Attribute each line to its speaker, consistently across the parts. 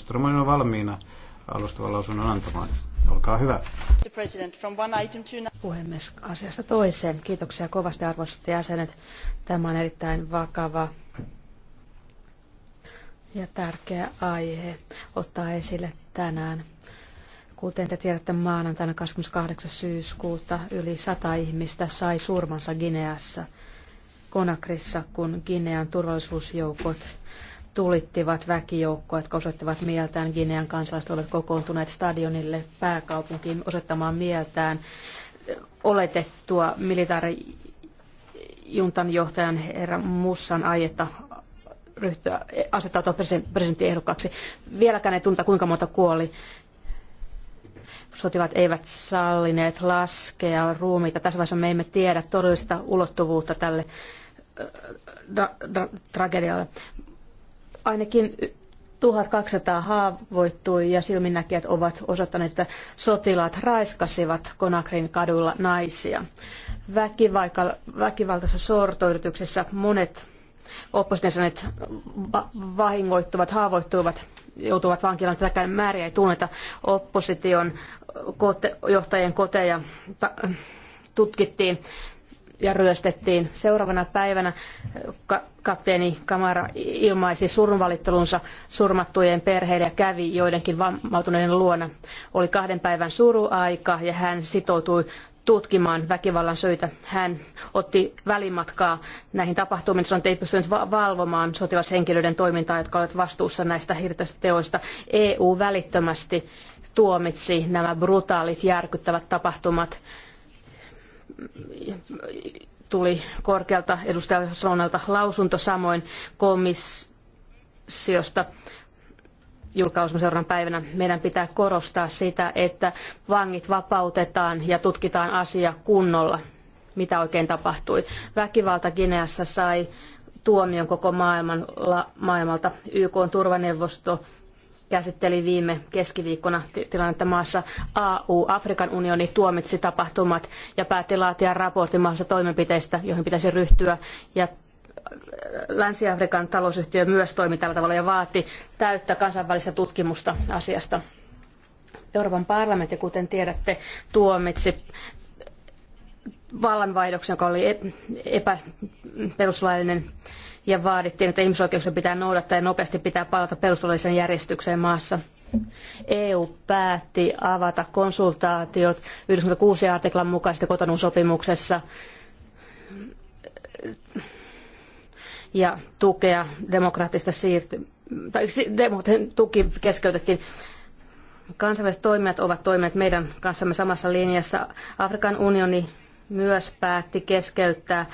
Speaker 1: Strömmen on valmiina alustavan lausunnon antamaan. Olkaa hyvä.
Speaker 2: Puhemies, asiasta toiseen. Kiitoksia kovasti arvoisat jäsenet. Tämä on erittäin vakava ja tärkeä aihe ottaa esille tänään. Kuten te tiedätte, maanantaina 28. syyskuuta yli 100 ihmistä sai surmansa Gineassa, Konakrissa, kun Ginean turvallisuusjoukot tulittivat väkijoukkoja, jotka osoittivat mieltään. Ginean kansalaiset olivat kokoontuneet stadionille pääkaupunkiin osoittamaan mieltään oletettua militaarijuntan johtajan herra Mussan aietta ryhtyä asettautua presidenttiehdokkaaksi. Vieläkään ei tunta kuinka monta kuoli. Sotilaat eivät sallineet laskea ruumiita. Tässä vaiheessa me emme tiedä todellista ulottuvuutta tälle äh, tragedialle ainakin 1200 haavoittui ja silminnäkijät ovat osoittaneet, että sotilaat raiskasivat Konakrin kadulla naisia. Väkivaltaisessa sortoyrityksessä monet oppositiosanet vahingoittuvat, haavoittuivat, joutuvat vankilaan. Tätäkään määriä ei tunneta opposition kote, johtajien koteja ta, tutkittiin ja ryöstettiin. Seuraavana päivänä ka- kapteeni Kamara ilmaisi surunvalittelunsa surmattujen perheille ja kävi joidenkin vammautuneiden luona. Oli kahden päivän suruaika ja hän sitoutui tutkimaan väkivallan syitä. Hän otti välimatkaa näihin tapahtumiin, sanoi, ei pystynyt valvomaan sotilashenkilöiden toimintaa, jotka olivat vastuussa näistä hirveistä teoista. EU välittömästi tuomitsi nämä brutaalit, järkyttävät tapahtumat tuli korkealta edustaja Sonalta lausunto, samoin komissiosta julkausmuseuran päivänä meidän pitää korostaa sitä, että vangit vapautetaan ja tutkitaan asia kunnolla, mitä oikein tapahtui. Väkivalta Gineassa sai tuomion koko maailman, la, maailmalta. YK on turvaneuvosto käsitteli viime keskiviikkona tilannetta maassa. AU, Afrikan unioni, tuomitsi tapahtumat ja päätti laatia raportin maassa toimenpiteistä, joihin pitäisi ryhtyä. Ja äh, Länsi-Afrikan talousyhtiö myös toimi tällä tavalla ja vaati täyttä kansainvälistä tutkimusta asiasta. Euroopan parlamentti, kuten tiedätte, tuomitsi vallanvaihdoksen, joka oli epäperuslaillinen epä ja vaadittiin, että ihmisoikeuksia pitää noudattaa ja nopeasti pitää palata perustuslailliseen järjestykseen maassa. EU päätti avata konsultaatiot 96 artiklan mukaisesti kotonun sopimuksessa ja tukea demokraattista siirtymää tai tuki keskeytettiin. Kansainväliset toimijat ovat toimineet meidän kanssamme samassa linjassa. Afrikan unioni myös päätti keskeyttää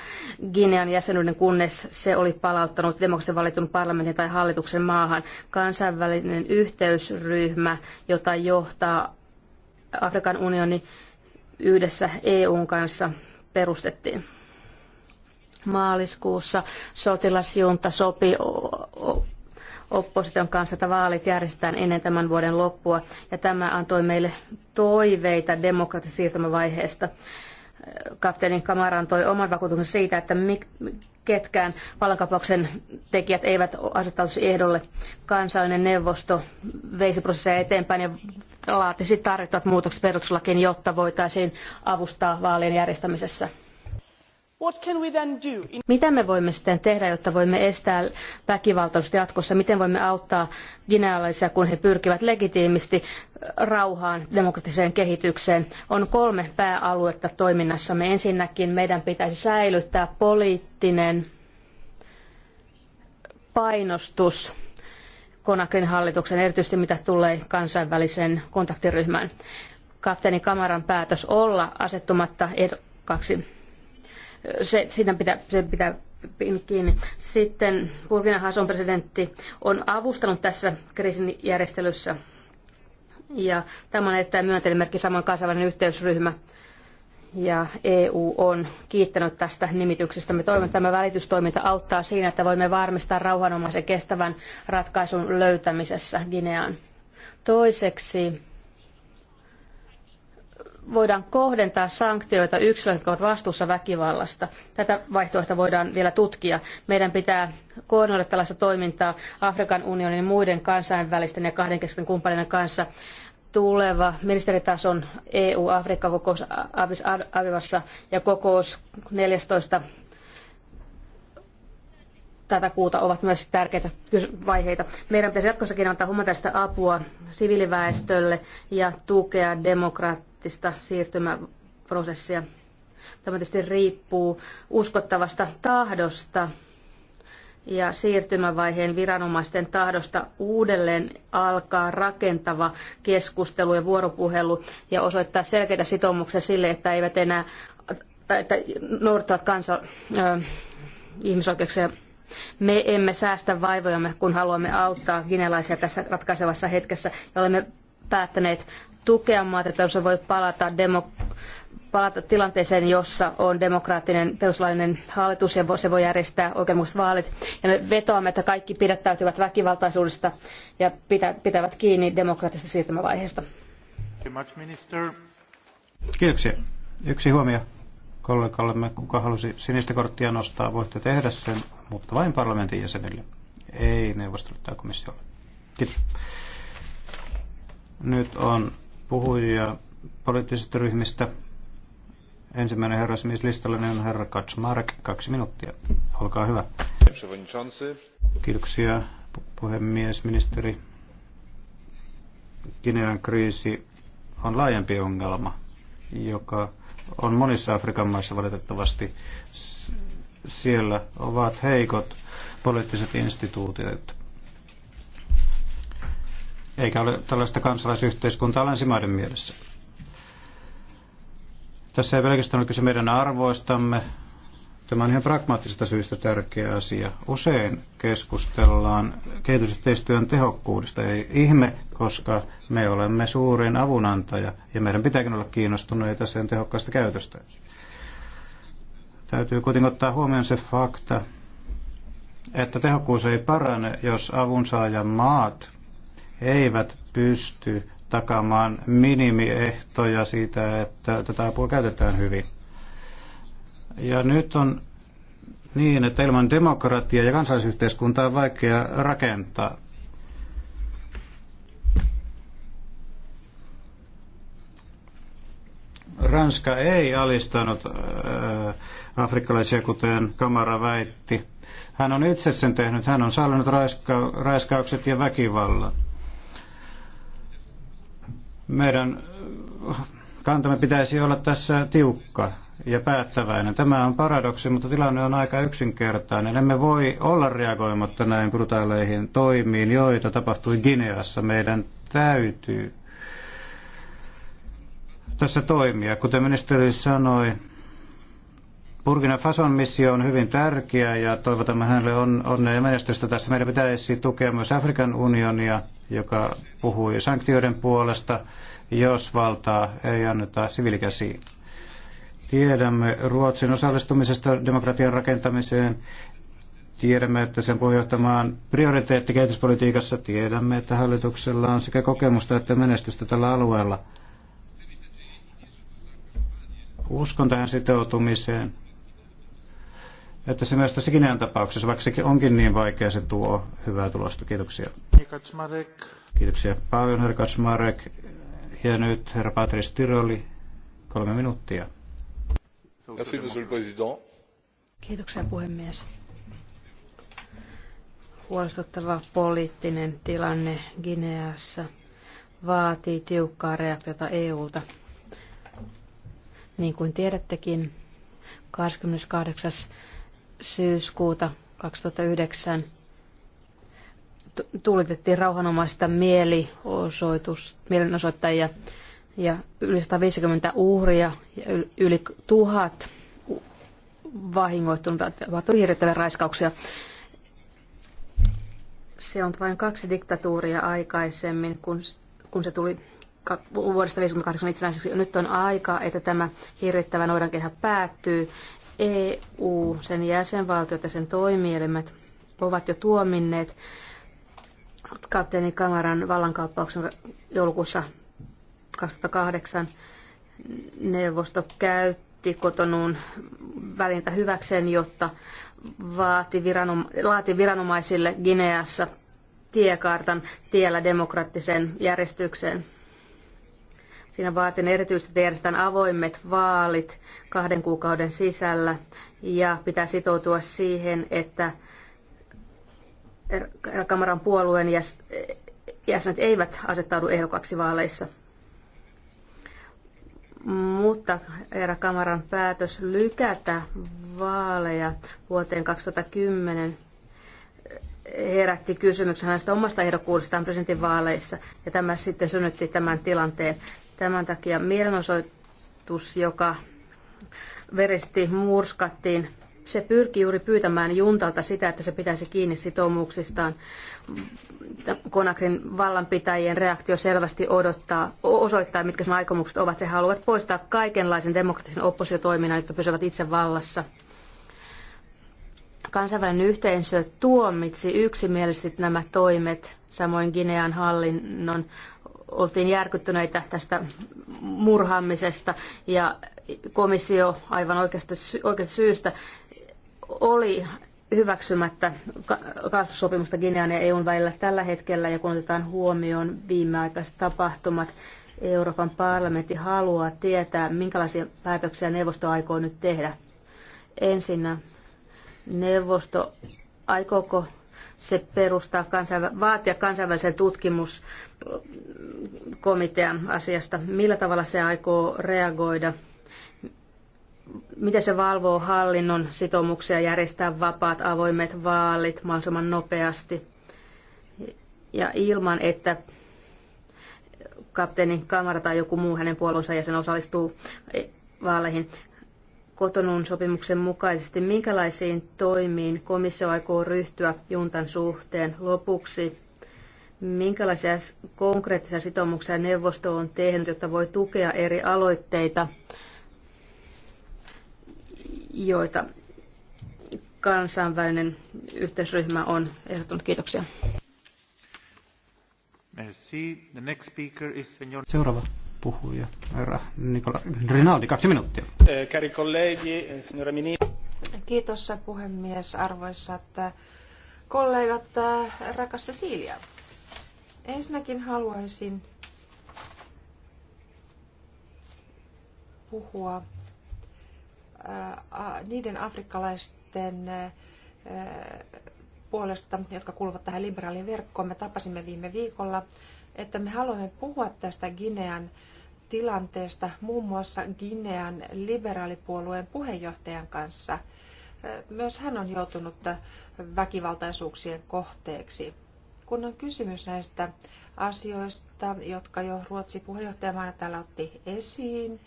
Speaker 2: Ginean jäsenyyden, kunnes se oli palauttanut demokraattisesti valitun parlamentin tai hallituksen maahan. Kansainvälinen yhteysryhmä, jota johtaa Afrikan unioni yhdessä EUn kanssa, perustettiin maaliskuussa sotilasjunta sopi opposition kanssa, että vaalit järjestetään ennen tämän vuoden loppua. Ja tämä antoi meille toiveita demokraattisesta siirtymävaiheesta kapteeni Kamaran toi oman vakuutuksen siitä, että ketkään vallankapauksen tekijät eivät asettaisi ehdolle. Kansallinen neuvosto veisi prosesseja eteenpäin ja laatisi tarvittavat muutokset perustuslakiin, jotta voitaisiin avustaa vaalien järjestämisessä. Mitä me voimme sitten tehdä, jotta voimme estää väkivaltaiset jatkossa? Miten voimme auttaa ginealaisia, kun he pyrkivät legitiimisti rauhaan, demokratiseen kehitykseen? On kolme pääaluetta toiminnassamme. Ensinnäkin meidän pitäisi säilyttää poliittinen painostus Konakin hallituksen, erityisesti mitä tulee kansainväliseen kontaktiryhmään. Kapteeni Kamaran päätös olla asettumatta ehdokkaaksi se, siitä pitää, se pitää kiinni. Sitten Burkina Hason presidentti on avustanut tässä kriisin järjestelyssä. Ja tämä on erittäin myönteinen merkki, samoin kansainvälinen yhteysryhmä ja EU on kiittänyt tästä nimityksestä. Me toivon, että tämä välitystoiminta auttaa siinä, että voimme varmistaa rauhanomaisen kestävän ratkaisun löytämisessä Gineaan. Toiseksi voidaan kohdentaa sanktioita yksilöille, jotka ovat vastuussa väkivallasta. Tätä vaihtoehtoa voidaan vielä tutkia. Meidän pitää koordinoida tällaista toimintaa Afrikan unionin ja muiden kansainvälisten ja kahdenkeskisten kumppaneiden kanssa. Tuleva ministeritason EU-Afrikka-kokous Addis Abebassa ja kokous 14 tätä kuuta ovat myös tärkeitä vaiheita. Meidän pitäisi jatkossakin antaa humanitaarista apua siviiliväestölle ja tukea demokratiaa poliittista siirtymäprosessia. Tämä tietysti riippuu uskottavasta tahdosta ja siirtymävaiheen viranomaisten tahdosta uudelleen alkaa rakentava keskustelu ja vuoropuhelu ja osoittaa selkeitä sitoumuksia sille, että eivät enää tai, että noudattavat kansa, äh, ihmisoikeuksia. Me emme säästä vaivojamme, kun haluamme auttaa ginelaisia tässä ratkaisevassa hetkessä ja olemme päättäneet tukea maata, että se voi palata, demo, palata tilanteeseen, jossa on demokraattinen peruslainen hallitus ja se voi järjestää oikeudenmukaiset vaalit. Ja me vetoamme, että kaikki pidättäytyvät väkivaltaisuudesta ja pitä, pitävät kiinni demokraattisesta siirtymävaiheesta.
Speaker 1: Kiitoksia. Yksi huomio kollegallemme, kuka halusi sinistä korttia nostaa, voitte tehdä sen, mutta vain parlamentin jäsenille, ei neuvostolle tai komissiolle. Kiitos. Nyt on puhujia poliittisista ryhmistä. Ensimmäinen herra niin on herra Kaczmarek, kaksi minuuttia. Olkaa hyvä. Kiitoksia puhemies, ministeri. Kinean kriisi on laajempi ongelma, joka on monissa Afrikan maissa valitettavasti. Siellä ovat heikot poliittiset instituutiot eikä ole tällaista kansalaisyhteiskuntaa länsimaiden mielessä. Tässä ei pelkästään ole kyse meidän arvoistamme. Tämä on ihan pragmaattisesta syystä tärkeä asia. Usein keskustellaan kehitysyhteistyön tehokkuudesta. Ei ihme, koska me olemme suurin avunantaja ja meidän pitääkin olla kiinnostuneita sen tehokkaasta käytöstä. Täytyy kuitenkin ottaa huomioon se fakta, että tehokkuus ei parane, jos avunsaajan maat eivät pysty takaamaan minimiehtoja siitä, että tätä apua käytetään hyvin. Ja nyt on niin, että ilman demokratiaa ja kansalaisyhteiskuntaa on vaikea rakentaa. Ranska ei alistanut äh, afrikkalaisia, kuten Kamara väitti. Hän on itse sen tehnyt. Hän on sallinut raiska- raiskaukset ja väkivallan. Meidän kantamme pitäisi olla tässä tiukka ja päättäväinen. Tämä on paradoksi, mutta tilanne on aika yksinkertainen. Emme voi olla reagoimatta näin brutaaleihin toimiin, joita tapahtui Gineassa. Meidän täytyy tässä toimia. Kuten ministeri sanoi, Burkina Fason missio on hyvin tärkeä ja toivotamme hänelle on, onnea ja menestystä tässä. Meidän pitäisi tukea myös Afrikan unionia, joka puhui sanktioiden puolesta, jos valtaa ei anneta siviilikäsiin. Tiedämme Ruotsin osallistumisesta demokratian rakentamiseen. Tiedämme, että sen puheenjohtamaan prioriteetti kehityspolitiikassa. Tiedämme, että hallituksella on sekä kokemusta että menestystä tällä alueella uskon tähän sitoutumiseen että se myös tässä Kinean tapauksessa, vaikka sekin onkin niin vaikea, se tuo hyvää tulosta. Kiitoksia. Kiitoksia paljon, herra Kaczmarek. Ja nyt herra Patrice Tyroli, kolme minuuttia.
Speaker 2: Kiitoksia puhemies. Huolestuttava poliittinen tilanne Gineassa vaatii tiukkaa reaktiota EUlta. Niin kuin tiedättekin, 28 syyskuuta 2009 tuulitettiin rauhanomaista mieliosoitus, mielenosoittajia ja yli 150 uhria ja yli tuhat vahingoittunutta tapahtui hirvittäviä raiskauksia. Se on vain kaksi diktatuuria aikaisemmin, kun, kun se tuli vuodesta 1958 itsenäiseksi. Nyt on aika, että tämä hirvittävä noidankehä päättyy EU, sen jäsenvaltiot ja sen toimielimet ovat jo tuominneet kapteeni Kamaran vallankaappauksen joulukuussa 2008 neuvosto käytti kotonuun välintä hyväkseen, jotta vaati viranom- laati viranomaisille Gineassa tiekartan tiellä demokraattiseen järjestykseen. Siinä vaatin erityisesti järjestetään avoimet vaalit kahden kuukauden sisällä ja pitää sitoutua siihen, että kamaran puolueen jäsenet eivät asettaudu ehdokaksi vaaleissa. Mutta Eera Kamaran päätös lykätä vaaleja vuoteen 2010 herätti kysymyksen hänestä omasta ehdokkuudestaan presidentinvaaleissa, ja tämä sitten synnytti tämän tilanteen. Tämän takia mielenosoitus, joka veresti murskattiin, se pyrki juuri pyytämään juntalta sitä, että se pitäisi kiinni sitoumuksistaan. Konakrin vallanpitäjien reaktio selvästi odottaa, osoittaa, mitkä sen aikomukset ovat. He haluavat poistaa kaikenlaisen demokraattisen oppositiotoiminnan, jotta pysyvät itse vallassa kansainvälinen yhteisö tuomitsi yksimielisesti nämä toimet, samoin Ginean hallinnon oltiin järkyttyneitä tästä murhaamisesta ja komissio aivan oikeasta, oikeasta syystä oli hyväksymättä kaastussopimusta Ginean ja EUn välillä tällä hetkellä ja kun otetaan huomioon viimeaikaiset tapahtumat, Euroopan parlamentti haluaa tietää, minkälaisia päätöksiä neuvosto aikoo nyt tehdä. Ensinnä neuvosto, aikooko se perustaa kansainvä- vaatia kansainvälisen tutkimuskomitean asiasta. Millä tavalla se aikoo reagoida? Miten se valvoo hallinnon sitoumuksia järjestää vapaat avoimet vaalit mahdollisimman nopeasti ja ilman, että kapteeni Kamara tai joku muu hänen puolueensa jäsen osallistuu vaaleihin kotonun sopimuksen mukaisesti, minkälaisiin toimiin komissio aikoo ryhtyä juntan suhteen lopuksi? Minkälaisia konkreettisia sitoumuksia neuvosto on tehnyt, jotta voi tukea eri aloitteita, joita kansainvälinen yhteisryhmä on ehdottanut? Kiitoksia.
Speaker 1: Seuraava puhuja, herra Nikola Rinaldi, kaksi minuuttia. Eh, cari colleghi, eh, signora
Speaker 3: Kiitos puhemies, arvoisat eh, kollegat, rakas Cecilia. Ensinnäkin haluaisin puhua niiden afrikkalaisten puolesta, jotka kuuluvat tähän liberaaliin verkkoon. Me tapasimme viime viikolla että me haluamme puhua tästä Ginean tilanteesta muun muassa Ginean liberaalipuolueen puheenjohtajan kanssa. Myös hän on joutunut väkivaltaisuuksien kohteeksi. Kun on kysymys näistä asioista, jotka jo Ruotsi puheenjohtajamaana täällä otti esiin,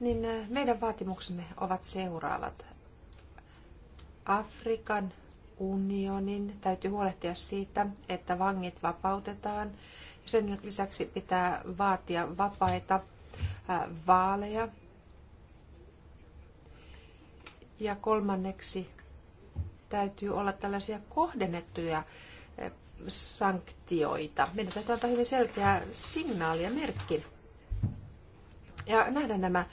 Speaker 3: niin meidän vaatimuksemme ovat seuraavat. Afrikan unionin täytyy huolehtia siitä, että vangit vapautetaan. Sen lisäksi pitää vaatia vapaita vaaleja. Ja kolmanneksi täytyy olla tällaisia kohdennettuja sanktioita. Meidän täytyy antaa hyvin selkeä signaali ja merkki. Ja nähdä nämä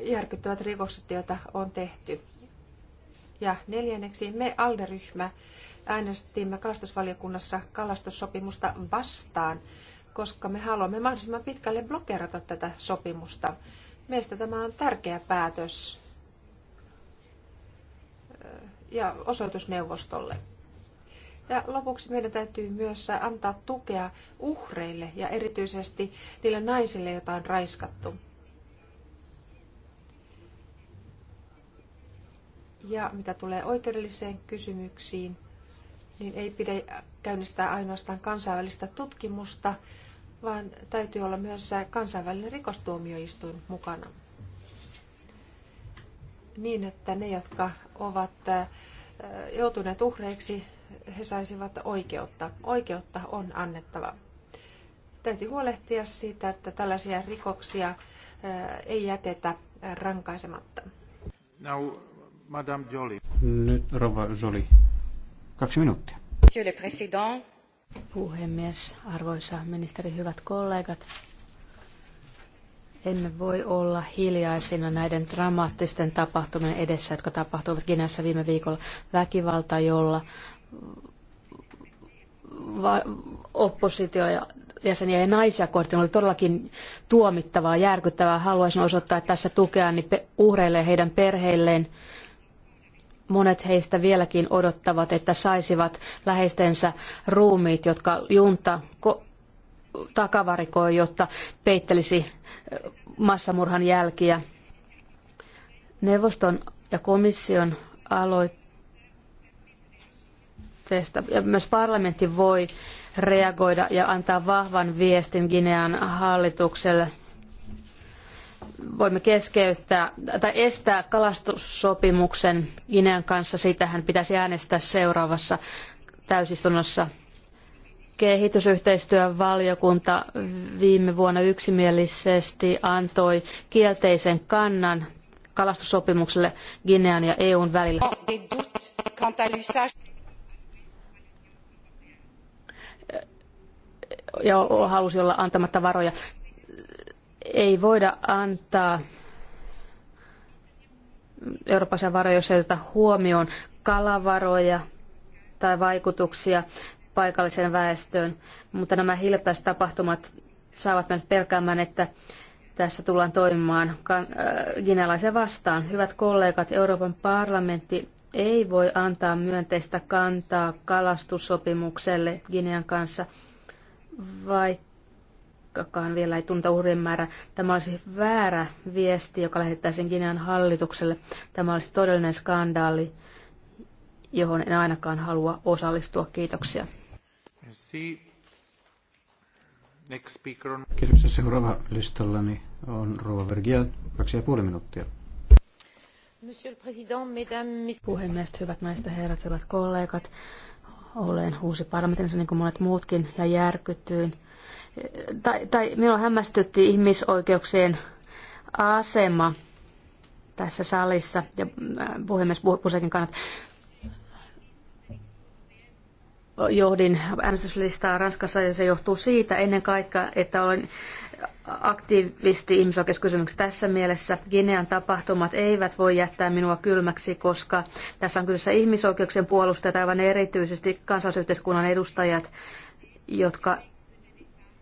Speaker 3: järkyttävät rikokset, joita on tehty. Ja neljänneksi me ALDE-ryhmä äänestimme kalastusvaliokunnassa kalastussopimusta vastaan, koska me haluamme mahdollisimman pitkälle blokerata tätä sopimusta. Meistä tämä on tärkeä päätös ja osoitusneuvostolle. Ja lopuksi meidän täytyy myös antaa tukea uhreille ja erityisesti niille naisille, joita on raiskattu. Ja mitä tulee oikeudelliseen kysymyksiin, niin ei pidä käynnistää ainoastaan kansainvälistä tutkimusta, vaan täytyy olla myös kansainvälinen rikostuomioistuin mukana. Niin, että ne, jotka ovat äh, joutuneet uhreiksi, he saisivat oikeutta. Oikeutta on annettava. Täytyy huolehtia siitä, että tällaisia rikoksia äh, ei jätetä rankaisematta.
Speaker 1: Now, Madame Nyt Rova Jolie. Kaksi minuuttia.
Speaker 2: Monsieur le Président. Puhemies, arvoisa ministeri, hyvät kollegat. Emme voi olla hiljaisina näiden dramaattisten tapahtumien edessä, jotka tapahtuivat Kiinassa viime viikolla. Väkivalta, jolla oppositio ja jäseniä ja naisia kohtaan oli todellakin tuomittavaa, järkyttävää. Haluaisin osoittaa tässä tukea uhreille ja heidän perheilleen monet heistä vieläkin odottavat, että saisivat läheistensä ruumiit, jotka junta takavarikoi, jotta peittelisi massamurhan jälkiä. Neuvoston ja komission aloitteesta ja myös parlamentti voi reagoida ja antaa vahvan viestin Ginean hallitukselle – voimme keskeyttää tai estää kalastussopimuksen Ginean kanssa. Siitähän pitäisi äänestää seuraavassa täysistunnossa. Kehitysyhteistyön valiokunta viime vuonna yksimielisesti antoi kielteisen kannan kalastussopimukselle Ginean ja EUn välillä. ja halusi olla antamatta varoja ei voida antaa eurooppalaisia varoja, jos ei oteta huomioon kalavaroja tai vaikutuksia paikalliseen väestöön, mutta nämä hiljattaiset tapahtumat saavat meidät pelkäämään, että tässä tullaan toimimaan äh, Ginelaisen vastaan. Hyvät kollegat, Euroopan parlamentti ei voi antaa myönteistä kantaa kalastussopimukselle Ginean kanssa, vaikka vaikkakaan vielä ei tunta uhrien määrä. Tämä olisi väärä viesti, joka lähettäisiin Kinean hallitukselle. Tämä olisi todellinen skandaali, johon en ainakaan halua osallistua. Kiitoksia. Merci.
Speaker 1: Next speaker on... Kiitoksia. Seuraava listallani on Rova Vergia, kaksi ja puoli minuuttia.
Speaker 2: Monsieur le Président, mesdames, Puhemies, hyvät naiset ja herrat, hyvät kollegat. Olen uusi parlamentin, niin kuin monet muutkin, ja järkytyin tai, tai minua hämmästytti ihmisoikeuksien asema tässä salissa ja äh, puhemies Pusekin kannat. Johdin äänestyslistaa Ranskassa ja se johtuu siitä ennen kaikkea, että olen aktiivisti ihmisoikeuskysymyksessä tässä mielessä. Ginean tapahtumat eivät voi jättää minua kylmäksi, koska tässä on kyseessä ihmisoikeuksien puolustajat, aivan erityisesti kansalaisyhteiskunnan edustajat, jotka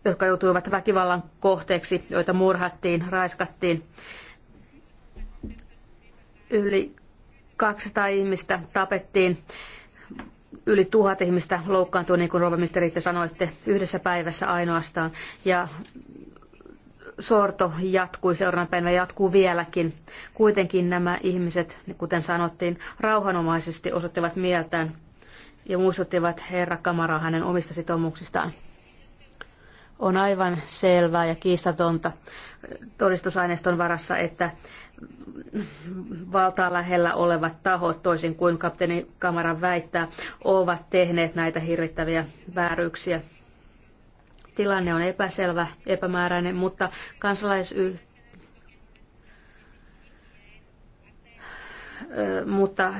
Speaker 2: jotka joutuivat väkivallan kohteeksi, joita murhattiin, raiskattiin. Yli 200 ihmistä tapettiin, yli tuhat ihmistä loukkaantui, niin kuin ruokaministeri te sanoitte, yhdessä päivässä ainoastaan. Ja sorto jatkui seuraavana päivänä jatkuu vieläkin. Kuitenkin nämä ihmiset, kuten sanottiin, rauhanomaisesti osoittivat mieltään ja muistuttivat herra Kamaraa hänen omista sitoumuksistaan. On aivan selvää ja kiistatonta todistusaineiston varassa, että valtaa lähellä olevat tahot, toisin kuin kapteeni Kamaran väittää, ovat tehneet näitä hirvittäviä vääryyksiä. Tilanne on epäselvä, epämääräinen, mutta kansalaisyhteisö mutta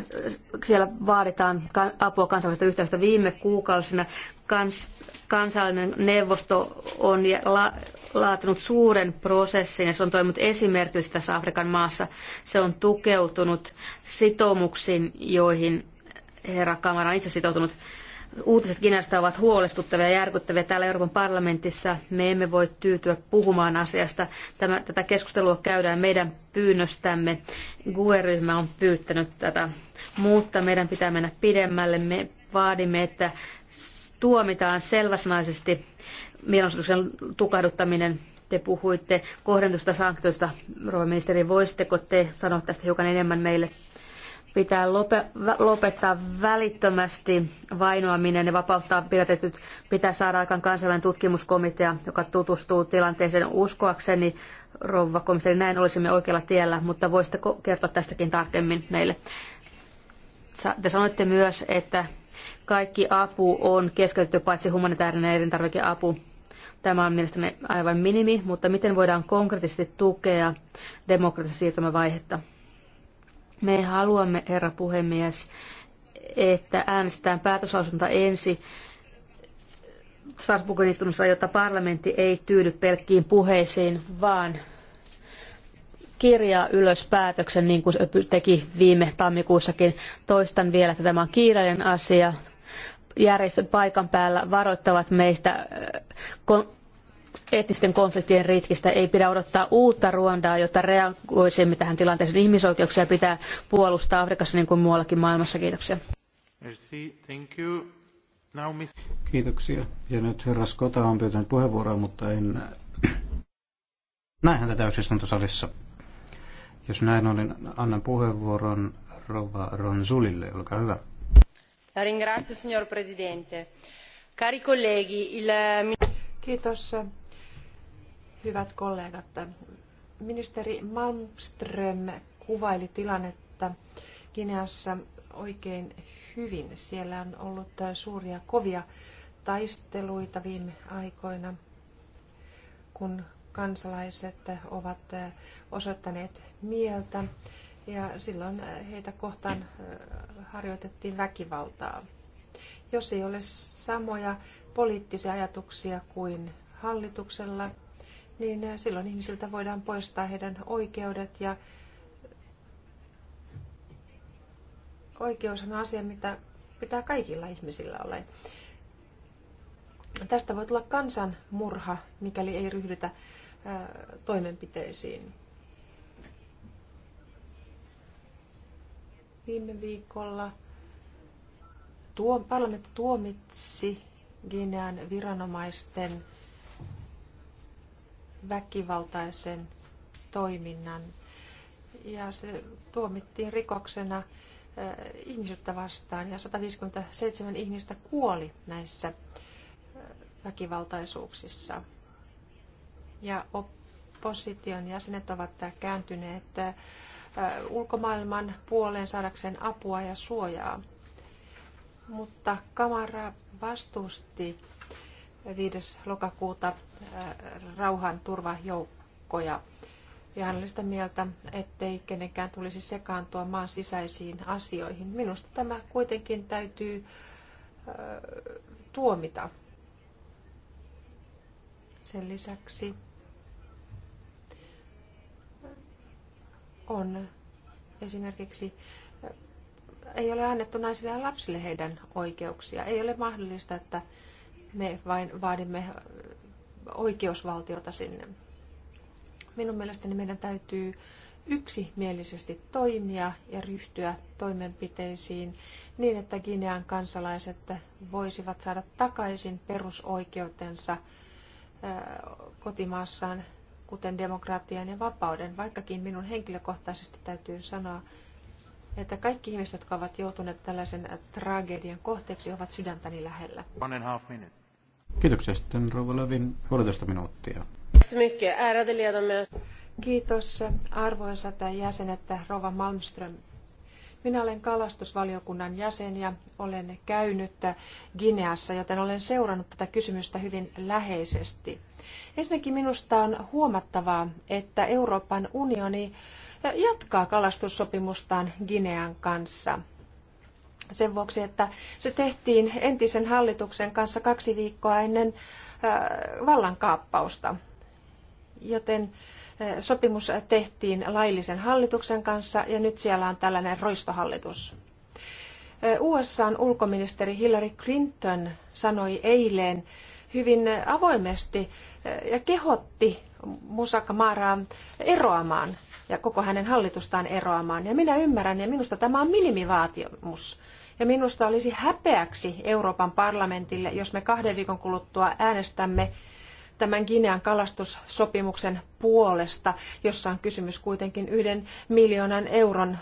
Speaker 2: siellä vaaditaan apua kansainvälistä yhteystä viime kuukausina. Kans, kansallinen neuvosto on la, laatinut suuren prosessin ja se on toiminut esimerkiksi tässä Afrikan maassa. Se on tukeutunut sitoumuksiin, joihin herra Kamara on itse sitoutunut uutiset Kiinasta ovat huolestuttavia ja järkyttäviä täällä Euroopan parlamentissa. Me emme voi tyytyä puhumaan asiasta. Tämä, tätä keskustelua käydään meidän pyynnöstämme. GUE-ryhmä on pyytänyt tätä, mutta meidän pitää mennä pidemmälle. Me vaadimme, että tuomitaan selväsanaisesti mielenosoituksen tukahduttaminen te puhuitte kohdentusta sanktioista, rouva ministeri, voisitteko te sanoa tästä hiukan enemmän meille? Pitää lopettaa välittömästi vainoaminen ja vapauttaa pidätetyt. Pitää saada aikaan kansainvälinen tutkimuskomitea, joka tutustuu tilanteeseen uskoakseni. Rouva komisteri, näin olisimme oikealla tiellä, mutta voisitteko kertoa tästäkin tarkemmin meille? Te sanoitte myös, että kaikki apu on keskeytetty paitsi humanitaarinen elintarvikeapu. Tämä on mielestäni aivan minimi, mutta miten voidaan konkreettisesti tukea demokratisia siirtymävaihetta? vaihetta? Me haluamme, herra puhemies, että äänestetään päätöslausunta ensi Sarsbukin istunnossa, jotta parlamentti ei tyydy pelkkiin puheisiin, vaan kirjaa ylös päätöksen, niin kuin se teki viime tammikuussakin. Toistan vielä, että tämä on kiireinen asia. Järjestöt paikan päällä varoittavat meistä äh, etnisten konfliktien ritkistä ei pidä odottaa uutta Ruandaa, jotta reagoisimme tähän tilanteeseen. Ihmisoikeuksia pitää puolustaa Afrikassa niin kuin muuallakin maailmassa. Kiitoksia.
Speaker 1: Kiitoksia. Ja nyt herra Skota on pyytänyt puheenvuoroa, mutta en näe häntä täysistuntosalissa. Jos näin on, niin annan puheenvuoron rouva Ronsulille. Olkaa hyvä.
Speaker 3: Ringrazio, signor Presidente. Cari colleghi, il... Kiitos Hyvät kollegat, ministeri Malmström kuvaili tilannetta Kineassa oikein hyvin. Siellä on ollut suuria kovia taisteluita viime aikoina, kun kansalaiset ovat osoittaneet mieltä ja silloin heitä kohtaan harjoitettiin väkivaltaa. Jos ei ole samoja poliittisia ajatuksia kuin hallituksella niin äh, silloin ihmisiltä voidaan poistaa heidän oikeudet ja oikeus on asia, mitä pitää kaikilla ihmisillä olla. Tästä voi tulla kansanmurha, mikäli ei ryhdytä äh, toimenpiteisiin. Viime viikolla tuo, parlamentti tuomitsi Ginean viranomaisten väkivaltaisen toiminnan. Ja se tuomittiin rikoksena ihmisyyttä vastaan ja 157 ihmistä kuoli näissä väkivaltaisuuksissa. Ja opposition jäsenet ovat kääntyneet ulkomaailman puoleen saadakseen apua ja suojaa. Mutta kamara vastusti 5. lokakuuta rauhan turvajoukkoja. Ja hän oli sitä mieltä, ettei kenenkään tulisi sekaantua maan sisäisiin asioihin. Minusta tämä kuitenkin täytyy tuomita. Sen lisäksi on esimerkiksi ei ole annettu naisille ja lapsille heidän oikeuksia. Ei ole mahdollista, että me vain vaadimme oikeusvaltiota sinne. Minun mielestäni meidän täytyy yksimielisesti toimia ja ryhtyä toimenpiteisiin niin, että Ginean kansalaiset voisivat saada takaisin perusoikeutensa kotimaassaan, kuten demokratian ja vapauden, vaikkakin minun henkilökohtaisesti täytyy sanoa, että kaikki ihmiset, jotka ovat joutuneet tällaisen tragedian kohteeksi, ovat sydäntäni lähellä.
Speaker 1: One and a half minute. Kiitoksia sitten Rouva Lövin puolitoista minuuttia.
Speaker 3: Kiitos arvoisat jäsenet Rova Malmström. Minä olen kalastusvaliokunnan jäsen ja olen käynyt Gineassa, joten olen seurannut tätä kysymystä hyvin läheisesti. Ensinnäkin minusta on huomattavaa, että Euroopan unioni jatkaa kalastussopimustaan Ginean kanssa sen vuoksi, että se tehtiin entisen hallituksen kanssa kaksi viikkoa ennen äh, vallankaappausta. Joten sopimus tehtiin laillisen hallituksen kanssa ja nyt siellä on tällainen roistohallitus. USAn ulkoministeri Hillary Clinton sanoi eilen hyvin avoimesti ja kehotti Musaka Maaraa eroamaan ja koko hänen hallitustaan eroamaan. Ja minä ymmärrän, ja minusta tämä on minimivaatimus. Ja minusta olisi häpeäksi Euroopan parlamentille, jos me kahden viikon kuluttua äänestämme tämän Ginean kalastussopimuksen puolesta, jossa on kysymys kuitenkin yhden miljoonan euron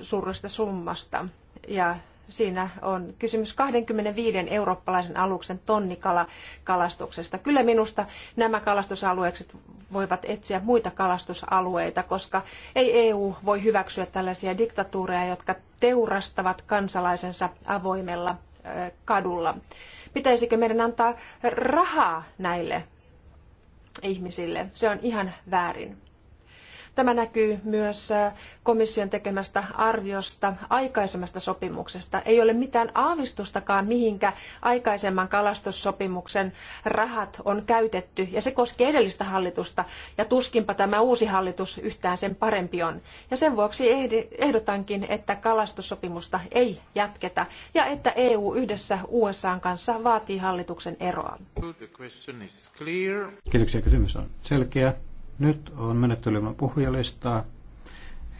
Speaker 3: suuruista summasta. Ja siinä on kysymys 25 eurooppalaisen aluksen tonnikalastuksesta. Kyllä minusta nämä kalastusalueet voivat etsiä muita kalastusalueita, koska ei EU voi hyväksyä tällaisia diktatuureja, jotka teurastavat kansalaisensa avoimella kadulla. Pitäisikö meidän antaa rahaa näille ihmisille. Se on ihan väärin. Tämä näkyy myös äh, komission tekemästä arviosta aikaisemmasta sopimuksesta. Ei ole mitään aavistustakaan, mihinkä aikaisemman kalastussopimuksen rahat on käytetty, ja se koskee edellistä hallitusta, ja tuskinpa tämä uusi hallitus yhtään sen parempi on. Ja sen vuoksi ehdotankin, että kalastussopimusta ei jatketa, ja että EU yhdessä USAn kanssa vaatii hallituksen eroa.
Speaker 1: Kiitoksia. Kysymys on selkeä. Nyt on menettelymä puhujalistaa.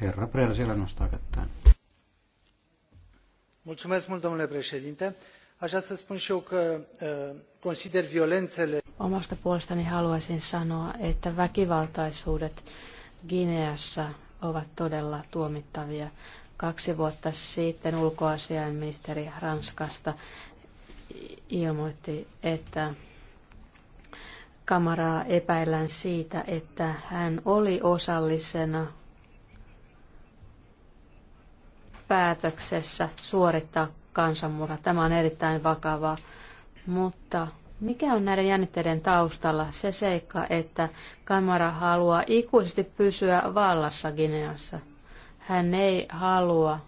Speaker 1: Herra Preda siellä nostaa kättään. Mulțumesc mult, domnule președinte. Aș să spun și eu că consider violențele...
Speaker 2: Omasta puolestani haluaisin sanoa, että väkivaltaisuudet Gineassa ovat todella tuomittavia. Kaksi vuotta sitten ulkoasiainministeri Ranskasta ilmoitti, että Kamaraa epäillään siitä, että hän oli osallisena päätöksessä suorittaa kansanmurha. Tämä on erittäin vakavaa. Mutta mikä on näiden jännitteiden taustalla se seikka, että Kamara haluaa ikuisesti pysyä vallassa Gineassa? Hän ei halua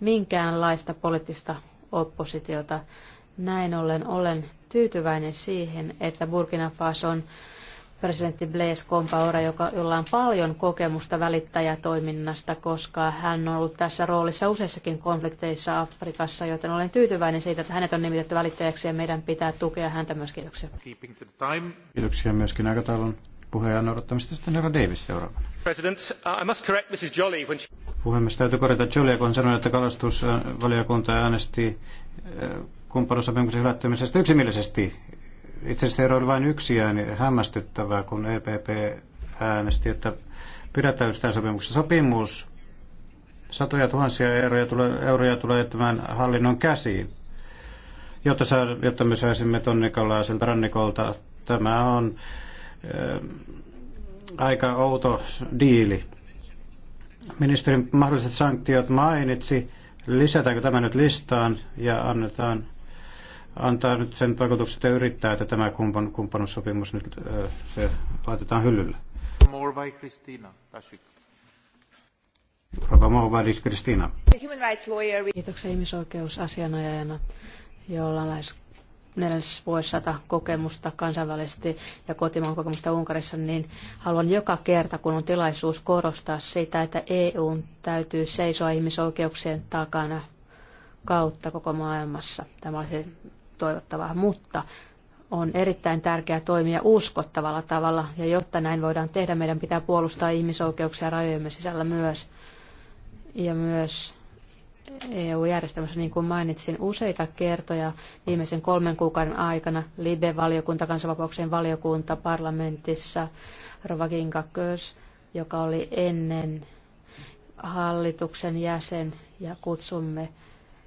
Speaker 2: minkäänlaista poliittista oppositiota. Näin ollen olen tyytyväinen siihen, että Burkina Fason presidentti Blaise Compaora, joka, jolla on paljon kokemusta välittäjätoiminnasta, koska hän on ollut tässä roolissa useissakin konflikteissa Afrikassa, joten olen tyytyväinen siitä, että hänet on nimitetty välittäjäksi ja meidän pitää tukea häntä myös. Kiitoksia.
Speaker 1: Kiitoksia myöskin aikataulun puheenjohtajan odottamista. Sitten herra Davis seuraavana. President, I must correct Mrs. Jolly when she... Puhemies, täytyy korjata Jolie, kun sanoi, että kalastusvaliokunta äänesti kumppanuussopimuksen hyvättymisestä yksimielisesti. Itse asiassa ero oli vain yksi ääni hämmästyttävää, kun EPP äänesti, että tämän sopimuksen Sopimus satoja tuhansia euroja tulee, euroja tulee tämän hallinnon käsiin, jotta, saa, jotta me saisimme tonnikolaiselta rannikolta. Tämä on äh, aika outo diili. Ministerin mahdolliset sanktiot mainitsi. Lisätäänkö tämä nyt listaan ja annetaan antaa nyt sen vaikutuksen, että yrittää, että tämä kumppan, kumppanussopimus nyt se laitetaan hyllylle. Morvai Kristina,
Speaker 2: Kiitoksia ihmisoikeusasianajajana, jolla on lähes neljäs vuosisata kokemusta kansainvälisesti ja kotimaan kokemusta Unkarissa, niin haluan joka kerta, kun on tilaisuus korostaa sitä, että EU täytyy seisoa ihmisoikeuksien takana kautta koko maailmassa. Tämä olisi toivottavaa, mutta on erittäin tärkeää toimia uskottavalla tavalla, ja jotta näin voidaan tehdä, meidän pitää puolustaa ihmisoikeuksia rajojemme sisällä myös, ja myös EU-järjestelmässä, niin kuin mainitsin useita kertoja viimeisen kolmen kuukauden aikana, Libe-valiokunta, kansanvapauksien valiokunta parlamentissa, Rovakinka Kös, joka oli ennen hallituksen jäsen, ja kutsumme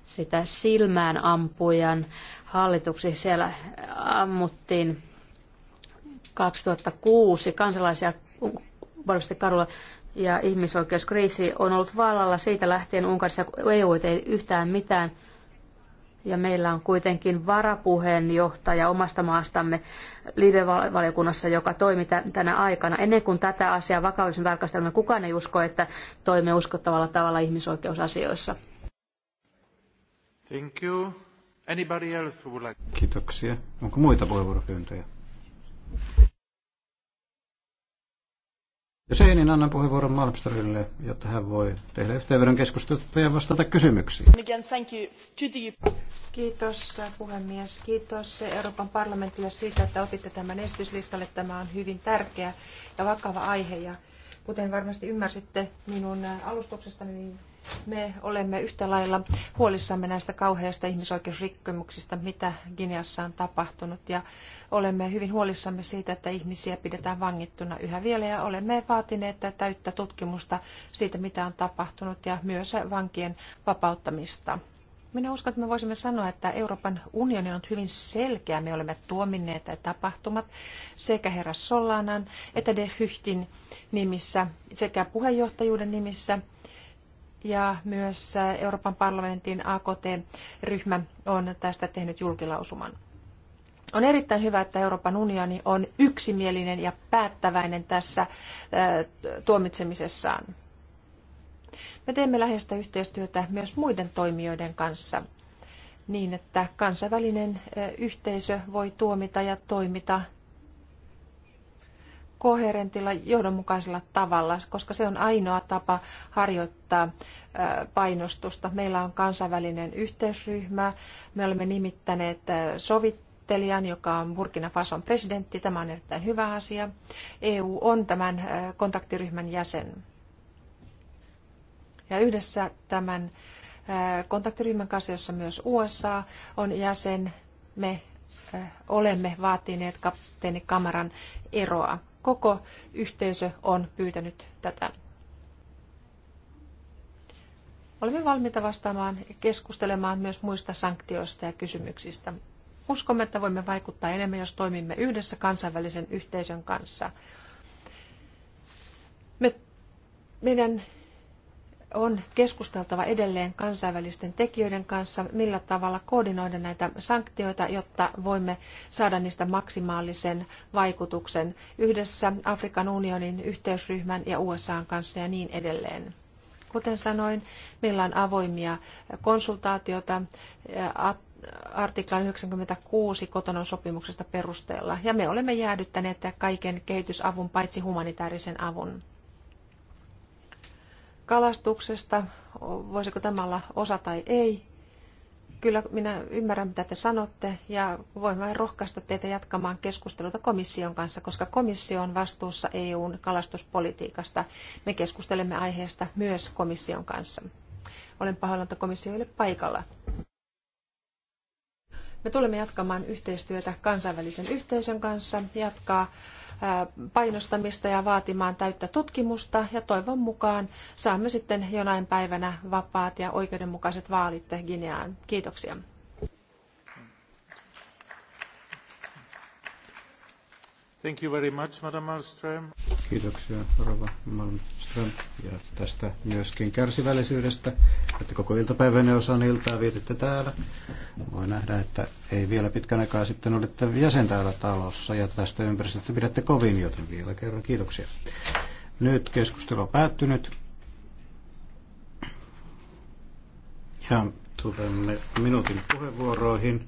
Speaker 2: sitä silmään ampujan hallituksi. Siellä ammuttiin 2006 kansalaisia varmasti kadulla ja ihmisoikeuskriisi on ollut vallalla siitä lähtien Unkarissa, EU ei tee yhtään mitään. Ja meillä on kuitenkin varapuheenjohtaja omasta maastamme live-valiokunnassa, joka toimi tänä aikana. Ennen kuin tätä asiaa vakavallisen tarkastelemme, kukaan ei usko, että toimme uskottavalla tavalla ihmisoikeusasioissa.
Speaker 1: Thank you. Anybody else who would like... Kiitoksia. Onko muita puheenvuoropyyntöjä? Jos ei, niin annan puheenvuoron Malmströmille, jotta hän voi tehdä yhteenvedon keskustelusta ja vastata kysymyksiin.
Speaker 3: Again, thank you to the Kiitos puhemies. Kiitos Euroopan parlamentille siitä, että otitte tämän esityslistalle. Tämä on hyvin tärkeä ja vakava aihe. Ja kuten varmasti ymmärsitte minun alustuksestani, niin me olemme yhtä lailla huolissamme näistä kauheista ihmisoikeusrikkomuksista, mitä Gineassa on tapahtunut, ja olemme hyvin huolissamme siitä, että ihmisiä pidetään vangittuna yhä vielä, ja olemme vaatineet täyttä tutkimusta siitä, mitä on tapahtunut, ja myös vankien vapauttamista. Minä uskon, että me voisimme sanoa, että Euroopan unioni on hyvin selkeä. Me olemme tuominneet tapahtumat sekä herra Solanan että De Hyhtin nimissä sekä puheenjohtajuuden nimissä ja myös Euroopan parlamentin AKT-ryhmä on tästä tehnyt julkilausuman. On erittäin hyvä, että Euroopan unioni on yksimielinen ja päättäväinen tässä tuomitsemisessaan. Me teemme läheistä yhteistyötä myös muiden toimijoiden kanssa niin, että kansainvälinen yhteisö voi tuomita ja toimita koherentilla, johdonmukaisella tavalla, koska se on ainoa tapa harjoittaa painostusta. Meillä on kansainvälinen yhteisryhmä, me olemme nimittäneet sovittelijan, joka on Burkina Fason presidentti. Tämä on erittäin hyvä asia. EU on tämän kontaktiryhmän jäsen. Ja yhdessä tämän kontaktiryhmän kanssa, jossa myös USA on jäsen, me olemme vaatineet kapteeni Kamaran eroa koko yhteisö on pyytänyt tätä. Olemme valmiita vastaamaan ja keskustelemaan myös muista sanktioista ja kysymyksistä. Uskomme, että voimme vaikuttaa enemmän, jos toimimme yhdessä kansainvälisen yhteisön kanssa. Me, meidän on keskusteltava edelleen kansainvälisten tekijöiden kanssa, millä tavalla koordinoida näitä sanktioita, jotta voimme saada niistä maksimaalisen vaikutuksen yhdessä Afrikan unionin yhteysryhmän ja USAn kanssa ja niin edelleen. Kuten sanoin, meillä on avoimia konsultaatioita artiklan 96 kotonon sopimuksesta perusteella, ja me olemme jäädyttäneet kaiken kehitysavun paitsi humanitaarisen avun kalastuksesta, voisiko tämä olla osa tai ei. Kyllä minä ymmärrän, mitä te sanotte, ja voin vain rohkaista teitä jatkamaan keskusteluta komission kanssa, koska komissio on vastuussa EUn kalastuspolitiikasta. Me keskustelemme aiheesta myös komission kanssa. Olen pahoillani, että komissio ei ole paikalla. Me tulemme jatkamaan yhteistyötä kansainvälisen yhteisön kanssa, jatkaa painostamista ja vaatimaan täyttä tutkimusta ja toivon mukaan saamme sitten jonain päivänä vapaat ja oikeudenmukaiset vaalit Gineaan. Kiitoksia.
Speaker 1: Thank you very much, Madam Malmström. Kiitoksia Rova Malmström ja tästä myöskin kärsivällisyydestä, että koko iltapäivänä osan iltaa vietitte täällä. Voi nähdä, että ei vielä pitkän aikaa sitten olette jäsen täällä talossa ja tästä ympäristöstä pidätte kovin, joten vielä kerran kiitoksia. Nyt keskustelu on päättynyt. Ja tulemme minuutin puheenvuoroihin.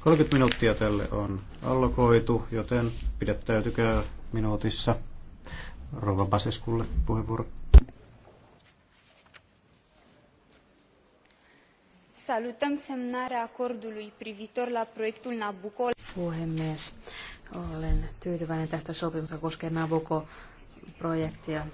Speaker 1: 30 minuuttia tälle on allokoitu, joten pidättäytykää minuutissa. Rova Baseskulle puheenvuoro.
Speaker 2: Salutăm semnarea acordului privitor la proiectul Nabucco. Puhemies, olen tyytyväinen tästä sopimusta koskee Nabucco-projektia.